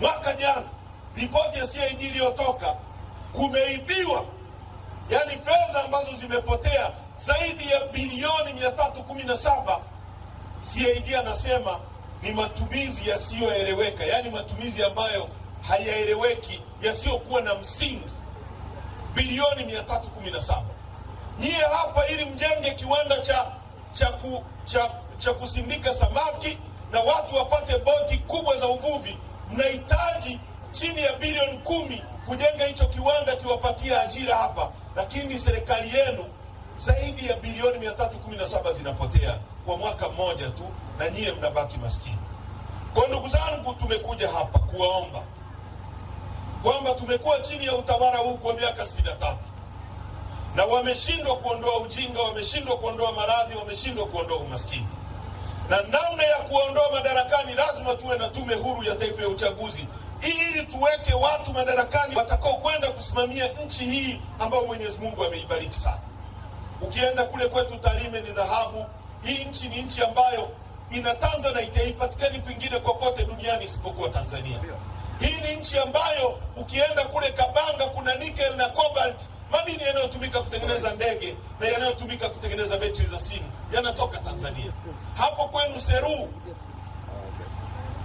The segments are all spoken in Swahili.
Mwaka jana ripoti ya CAG iliyotoka, kumeibiwa yani fedha ambazo zimepotea zaidi ya bilioni 317. CAG anasema ni matumizi yasiyoeleweka, yani matumizi ambayo hayaeleweki yasiyokuwa na msingi, bilioni 317. Nyie hapa ili mjenge kiwanda cha cha, ku, cha cha kusindika samaki na watu wapate boti kubwa za uvuvi mnahitaji chini ya bilioni kumi kujenga hicho kiwanda kiwapatia ajira hapa, lakini serikali yenu zaidi ya bilioni mia tatu kumi na saba zinapotea kwa mwaka mmoja tu, na nyiye mnabaki maskini. Kwa ndugu zangu, tumekuja hapa kuwaomba kwamba tumekuwa chini ya utawala huu kwa miaka sitini na tatu na wameshindwa kuondoa ujinga, wameshindwa kuondoa maradhi, wameshindwa kuondoa umaskini na namna ya kuondoa madarakani, lazima tuwe na tume huru ya taifa ya uchaguzi ili tuweke watu madarakani watakao kwenda kusimamia nchi hii ambayo Mwenyezi Mungu ameibariki sana. Ukienda kule kwetu Tarime ni dhahabu. Hii nchi ni nchi ambayo ina tanza na itaipatikani kwingine kokote duniani isipokuwa Tanzania. Hii ni nchi ambayo ukienda kule Kabanga kuna nickel na cobalt, madini yanayotumika kutengeneza ndege na yanayotumika kutengeneza betri za simu yanatoka Tanzania. Hapo kwenu Seru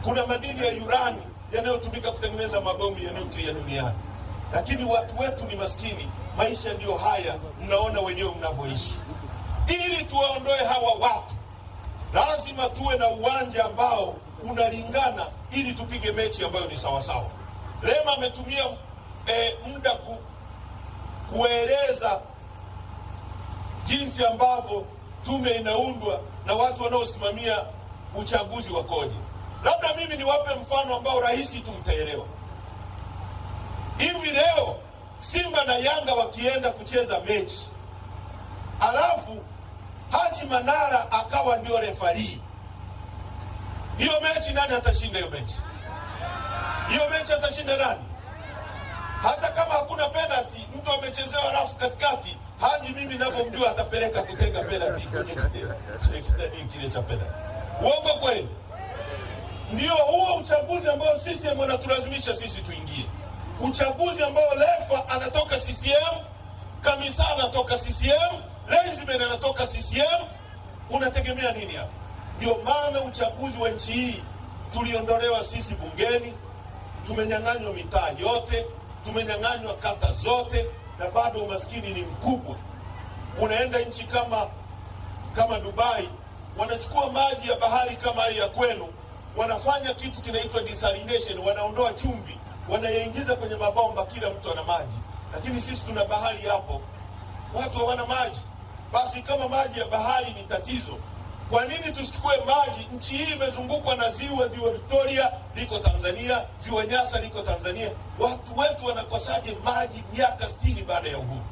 kuna madini ya urani yanayotumika kutengeneza mabomu ya nuklia duniani, lakini watu wetu ni maskini. Maisha ndiyo haya, mnaona wenyewe mnavyoishi. Ili tuwaondoe hawa watu, lazima tuwe na uwanja ambao unalingana, ili tupige mechi ambayo ni sawasawa. Lema ametumia e, muda ku, kueleza jinsi ambavyo tume inaundwa na watu wanaosimamia uchaguzi wa kodi Labda mimi niwape mfano ambao rahisi tu mtaelewa. Hivi leo Simba na Yanga wakienda kucheza mechi, alafu Haji Manara akawa ndio refarii hiyo mechi nani atashinda? Hiyo mechi hiyo mechi atashinda nani? Hata kama hakuna penalty, mtu amechezewa rafu katikati, Haji mimi navyomjua atapeleka kutenga penalty kwenye kile cha penalty. Uongo kweli? Ndio huo uchaguzi ambao CCM wanatulazimisha sisi tuingie, uchaguzi ambao lefa anatoka CCM, Kamisa anatoka CCM, Lensman anatoka CCM. Unategemea nini hapa? Ndio maana uchaguzi wa nchi hii tuliondolewa sisi bungeni, tumenyang'anywa mitaa yote, tumenyang'anywa kata zote, na bado umaskini ni mkubwa. Unaenda nchi kama kama Dubai, wanachukua maji ya bahari kama hii ya kwenu wanafanya kitu kinaitwa desalination, wanaondoa chumvi wanayaingiza kwenye mabomba, kila mtu ana maji. Lakini sisi tuna bahari hapo, watu hawana maji. Basi kama maji ya bahari ni tatizo, kwa nini tusichukue maji? Nchi hii imezungukwa na ziwa, ziwa Victoria liko Tanzania, ziwa Nyasa liko Tanzania. Watu wetu wanakosaje maji miaka sitini baada ya uhuru?